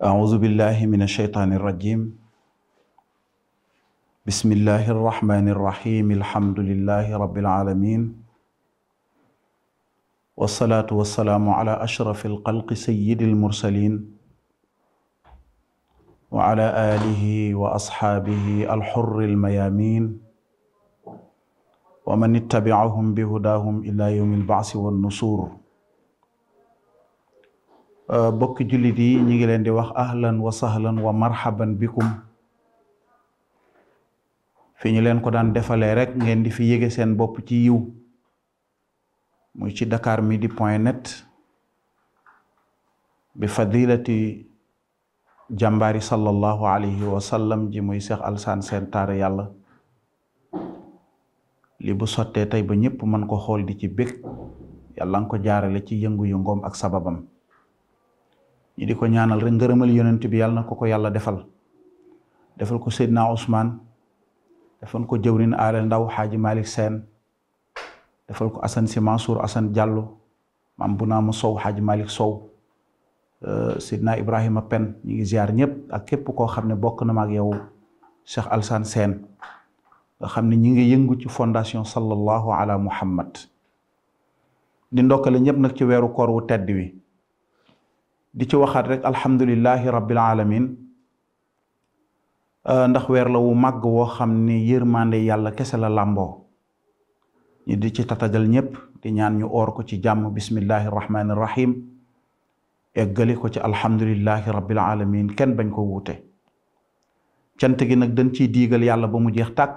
أعوذ بالله من الشيطان الرجيم بسم الله الرحمن الرحيم الحمد لله رب العالمين والصلاة والسلام على أشرف القلق سيد المرسلين وعلى آله وأصحابه الحر الميامين ومن اتبعهم بهداهم إلى يوم البعث والنصور Euh, bokki jullit yi ñi ngi leen di wax ahlan wa sahlan wa marhaban bikum fi ñu leen ko daan defalee rek ngeen di fi yége seen bopp ci yiw muy ci dakar midi point net bi fadilati jàmbaari sallallahu alayhi wa sallam ji muy Cheikh Alassane Sène taar yàlla li bu sottee tey ba ñëpp mën ko xool di ci bég yàlla nga ko jaarale ci yëngu-yëngoom ak sababam ñi ko ñaanal rek ngërëmal yonent bi yàlla na ko ko yàlla defal defal ko Seydina Ousmane defan ko jëwrin aale ndaw xaaji Malick seen defal ko Assane Sy Mansour Assane Diallo maam bu naa ma Sow xaaji Malick Sow euh, Seydina Ibrahima Pen ñi ngi ziar ñëpp ak képp koo xam ne bokk na ma ak yow Cheikh Alsane nga xam ne ñi ngi yëngu ci fondation sallallahu ala muhammad di ndokkale ñëpp nag ci weeru koor wu tedd di ci waxaat rek alhamdulilahi rabbil alamin euh, ndax weer la wu màgg woo xam ne yërmande yàlla kese la làmboo ñu di ci tatagal ñépp di ñaan ñu oor ko ci jàmm bismillahi rahmaani rahim eggali ko ci alhamdulilahi rabbil alamin kenn bañ ko wuute cant gi nag dañ ciy diigal yàlla ba mu jeex tàkk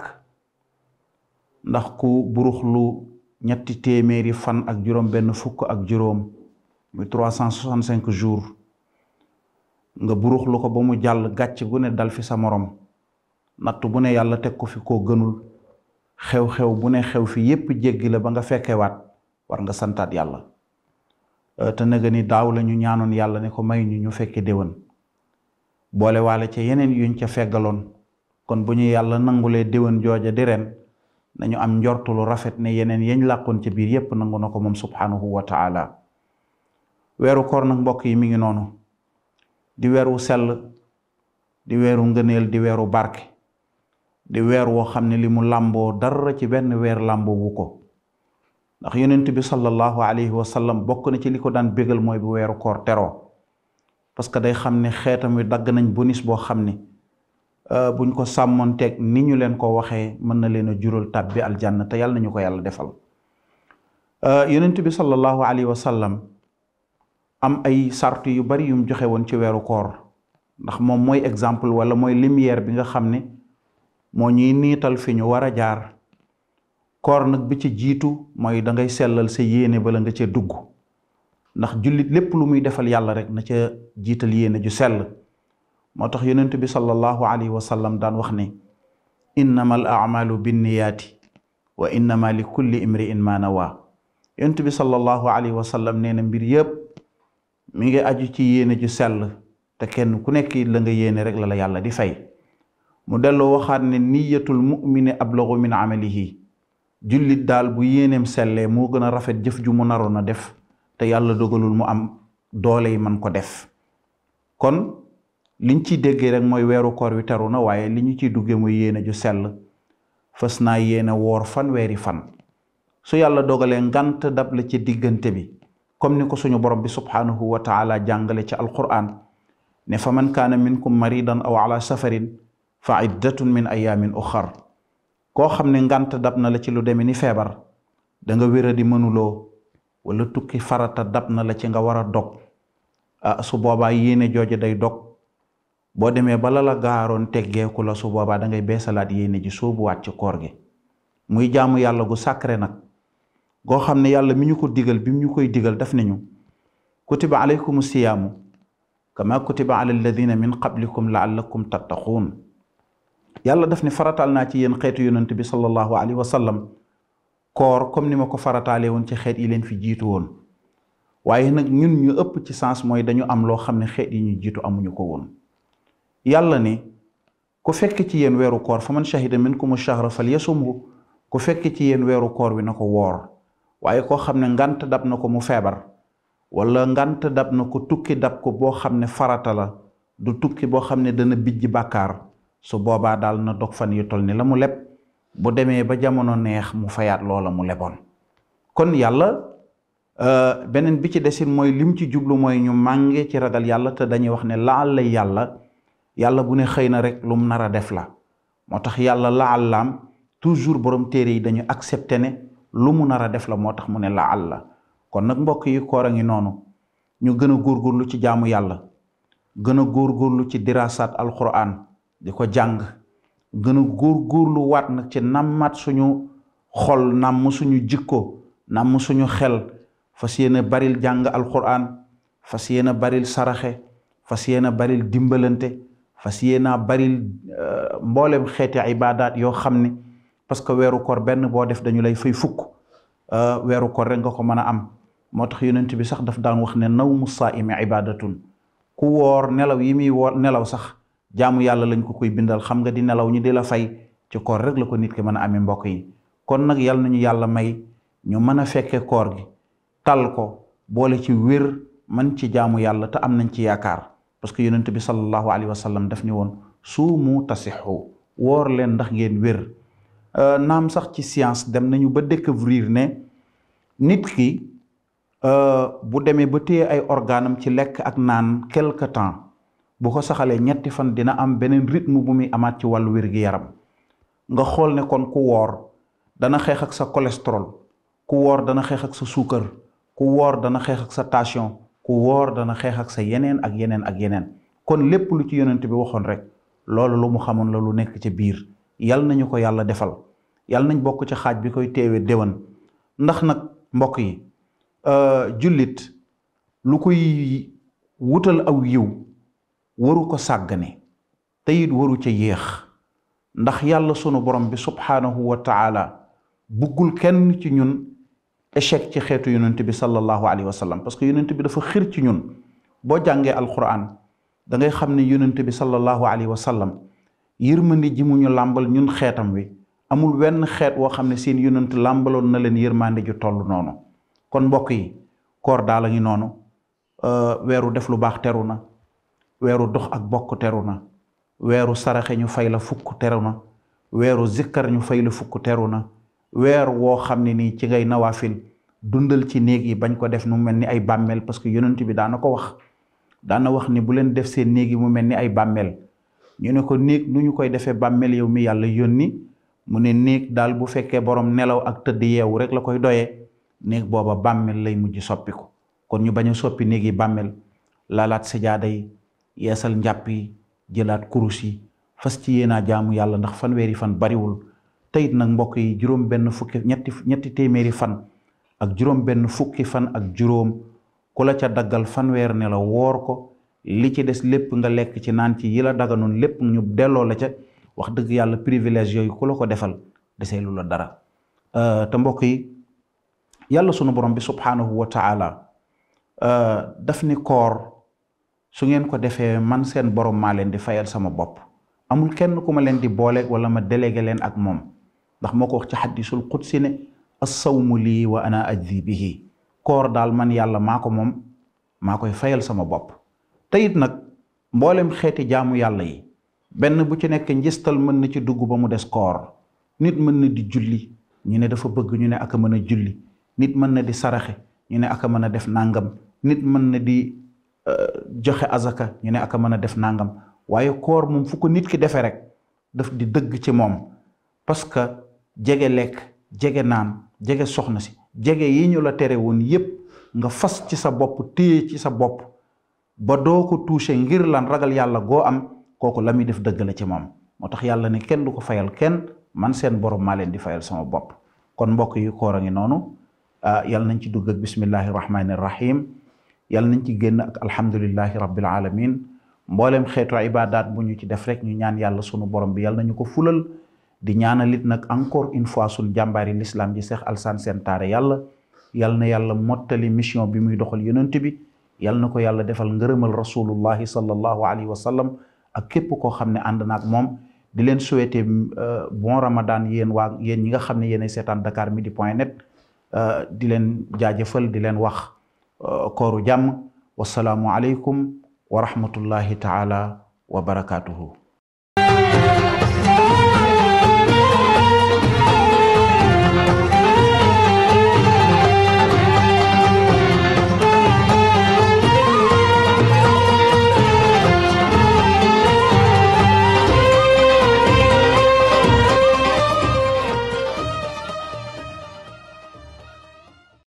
ndax ku buruxlu ñetti téeméeri fan ak juróom benn fukk ak juróom muy trois cent soixante cinq jours nga burux lu ko ba mu jàll gàcc gu ne dal fi sa morom natt bu ne yàlla teg ko fi ko gënul xew-xew bu ne xew fi yépp jéggi la ba nga fekkewaat war nga santaat yàlla euh, te naga ni daaw la ñaanoon yàlla ne ko may ñu ñu fekke déwén boole waale ca yeneen yuñ ca feggaloon kon bu ñu yàlla nangulee déwén jooja di ren nañu am njortu lu rafet ne yeneen yañ làqoon ca biir yépp nangu na ko moom subhanahu wa taala weeru koor nag mbokk yi mu ngi noonu di weeru sell di weeru ngëneel di weeru bark di weer woo xam ne li mu làmboo dara ci benn weer làmboo wu ko ndax yonent bi sallallahu alayhi wa sallam bokk na ci li ko daan bégal mooy bu weeru koor teroo parce que day xam ne xeetam wi dagg nañ bonus boo xam ne euh, buñ ko sàmmoon teg ni ñu leen ko waxee mën na leen a jural tàbbi aljanna te yàlla nañu ko yàlla defal euh, yonent bi sallallahu alayhi wa am ay sart yu bari yum joxe woon ci weeru koor ndax moom mooy exemple wala mooy lumière bi nga xam ne moo ñuy niital fi ñu war a jaar koor nag bi ci jiitu mooy dangay ngay sellal sa yéene bala nga cee dugg ndax jullit lépp lu muy defal yàlla rek na ca jiital yéene ju sell moo tax yonent bi sallallahu alayhi wa sallam daan wax ne innama al amalu binniyaati wa innama li kulli imriin ma nawa yonent bi sallallahu alayhi wa sallam mbir yëpp mi ngi aju ci yéene ju sell te kenn ku nekk la nga yéene rek la la yàlla di fay mu delloo waxaat ne niyatul mumini ablagu min amalihi jullit daal bu yéeneem sellee moo gën a rafet jëf ju mu naroon a def te yàlla dogalul mu am doole yi man ko def kon liñ ciy déggee rek mooy weeru koor wi teru na waaye li ñu ciy duggee mooy yéene ju sell fës naa yéene woor fan weeri fan su yàlla dogalee ngant dab la ci diggante bi comme ni ko suñu borom bi subhaanahu wa taala jàngale ci alquran ne fa man kaana mari dan a ala safarin fa iddatun min ayaamin uxar koo xam ne ngant dab na la ci lu deme ni feebar da nga wéra di mënuloo wala tukki farata dab na la ci nga war a dog ah su boobaa yéene jooju day dog boo demee bala la gaaroon teggeeku la su boobaa da ngay beesalaat yéene ji soobuwaat ci koor gi muy jaamu yàlla gu sàkkre nag goo xam ne yàlla mi ñu ko digal bi mu ñu koy digal daf nañu kutiba alaykum siyaamu kama kutiba ala alladina min qablikum laallakum tattaquun yàlla daf ne farataal naa ci yéen xeetu yonent bi sallallahu alayhi wa sallam koor comme ni ma ko farataale woon ci xeet yi leen fi jiitu woon waaye nag ñun ñu ëpp ci sens mooy dañu am loo xam ne xeet yi ñu jiitu amuñu ko woon yàlla ne ku fekk ci yéen weeru koor fa man shahida minkum shahra falyasumhu ku fekk ci yéen weeru koor wi na ko woor waaye koo xam ne ngant dab na ko mu feebar wala ngant dab na ko tukki dab ko boo xam ne farata la du tukki boo xam ne dana bijji bàkkaar su boobaa daal na dog fan yu tol ni la mu leb bu demee ba jamono neex mu fayaat loola mu leboon kon yàlla euh, beneen bi ci desin mooy lim ci jublu mooy ñu mànge ci ragal yàlla te dañuy wax ne laal la yàlla yàlla bu ne xëy na rek lum nar a def la moo tax yàlla laal laam toujours borom téere yi dañu accepté ne lu mu nar a def la moo tax mu ne la àlla kon nag mbokk yi koor a ngi noonu ñu gën a góorgóorlu ci jaamu yàlla gën a góorgóorlu ci dirasat alquran di ko jàng gën a góorgóorlu waat nag ci nammaat suñu xol namm suñu jikko namm suñu xel fas yéene baril jàng alquran fas yéene baril saraxe fas yéene baril dimbalante fas yéene baril euh, mboolem xeeti ibaadaat yoo xam ni parce que weeru koor benn boo def dañu lay fay fukk euh, weeru koor rek nga ko mën a am moo tax yonent bi sax daf daan wax ne naw nawmu saa'imi ibadatun ku woor nelaw yi muy woor nelaw sax jaamu yàlla lañ ko koy bindal xam nga di nelaw ñu di la fay ci koor rek la ko nit ki mën a amee mbokk yi kon nag yàlla nañu yàlla may ñu mën a fekke koor gi tal ko boole ci wér man ci jaamu yàlla te am nañ ci yaakaar parce que yonent bi sallallahu alayhi wa sallam daf ni woon suumu tasixu woor leen ndax ngeen wér Euh, naam sax ci science dem nañu ba découvrir ne nit ki euh, bu demee ba téye ay organam ci lekk ak naan quelque temps bu ko saxalee ñetti fan dina am beneen rythme bu muy amaat ci wàllu wér-gi-yaram nga xool ne kon ku woor dana xeex ak sa cholestérol ku woor dana xeexak sa suukar ku woor dana xeex sa tension ku woor dana xeex ak sa yeneen ak yeneen ak yeneen kon lépp lu ci yonent bi waxoon rek loolu lu mu xamoon la lu nekk ca biir yal nañu ko yàlla defal yal nañ bokk ci xaaj bi koy teewee dewan ndax nag mbokk yi euh, jullit lu koy wutal aw yiw waru ko sàggane te it waru ci yéex ndax yàlla sunu borom bi subhaanahu wa taala buggul kenn ci ñun échec ci xeetu yonent bi sallallahu alayhi wa sallam parce que yonent bi dafa xir ci ñun boo jàngee alquran da ngay xam ne yonent bi sallallahu alayhi wa sallam yërmande ji mu ñu làmbal ñun xeetam wi amul wenn xeet woo xam ne seen yonent làmbaloon na leen yërmande ju toll noonu kon mbokk yi koor daal a ngi noonu euh, weeru def lu baax teru na weeru dox ak bokk teru na weeru saraxe ñu fay la fukk teru na weeru zikkar ñu fay la fukk teru na weer woo xam ne nii ci ngay nawaafil dundal ci néeg yi bañ ko def nu mel ni ay bàmmeel parce que yonent bi daana ko wax daana wax ni bu leen def seen néeg yi mu mel ni ay bàmmeel ñu ne ko néeg nu ñu koy defee bàmmeel yow mi yàlla yónni mu ne néeg daal bu fekkee borom nelaw ak tëdd yeewu rek la koy doyee néeg booba bàmmeel lay mujj soppi ko kon ñu bañ a soppi néeg yi bàmmeel laalaat sajaada yi yeesal njàpp yi jëlaat kurus yi fas ci yéenaa jaamu yàlla ndax fanweeri fan bariwul teyit nag mbokk yi juróom benn fukki ñetti téeméeri fan ak juróom benn fukki fan ak juróom ku la ca daggal fanweer nelaw woor ko li ci des lépp nga lekk ci naan ci yi la daganoon lépp ñu delloo la ca wax dëgg yàlla privilège yooyu ku la ko defal desee lu la dara euh, te mbokk yi yàlla sunu borom bi subhaanahu wa taala euh, daf ni koor su ngeen ko defee man seen borom maa leen di fayal sama bopp amul kenn ku ma leen di booleeg wala ma délégué leen ak moom ndax moo ko wax ci xaddisul qudsi ne assawmu lii wa ana ajzi bihi koor daal man yàlla maa ko moom maa koy fayal sama bopp te nag mboolem xeeti jaamu yàlla yi benn bu ci nekk njistal mën na ci dugg ba mu des koor nit mën na di julli ñu ne dafa bëgg ñu ne ak a mën a julli nit mën na di saraxe ñu ne ak a mën a def nangam nit mën na di euh, joxe azaka ñu ne ak a mën a def nangam waaye koor moom fu ko nit ki defee rek daf di dëgg ci moom parce que jege lekk jege naan jege soxna si jege yi ñu la tere woon yépp nga fas ci sa bopp téye ci sa bopp ba doo ko touché ngir lan ragal yàlla goo am kooku la muy def dëgg la ci moom moo tax yàlla na kenn du ko fayal kenn man seen borom maa leen di fayal sama bopp kon mbokk yi koor a ngi noonu ah, yàlla nañ ci dugg ak bismillahi rahmaani rahim yàlla nañ ci génn ak alhamdulillahi rabbil alamin mboolem xeetu ibadat bu ñu ci def rek ñu ñaan yàlla sunu borom bi yàlla nañu ko fulal di ñaanalit nag encore une fois suñ jàmbaari l'islam ji Cheikh Alassane Sène taare yàlla yàlla na yàlla mottali mission bi muy doxal yonent bi yal na ko yàlla defal ngërëmal rasulullahi sallallahu alayhi wa sallam ak képp koo xam ne ànd naag moom di leen souhaiter euh, bon ramadan yéen waa yéen ñi nga xam ne yéenay seetaan dakar midi point net euh, di leen jaajëfal di leen wax euh, kooru jàmm wasalaamu aleykum wa rahmatullahi taala wa barakaatuhu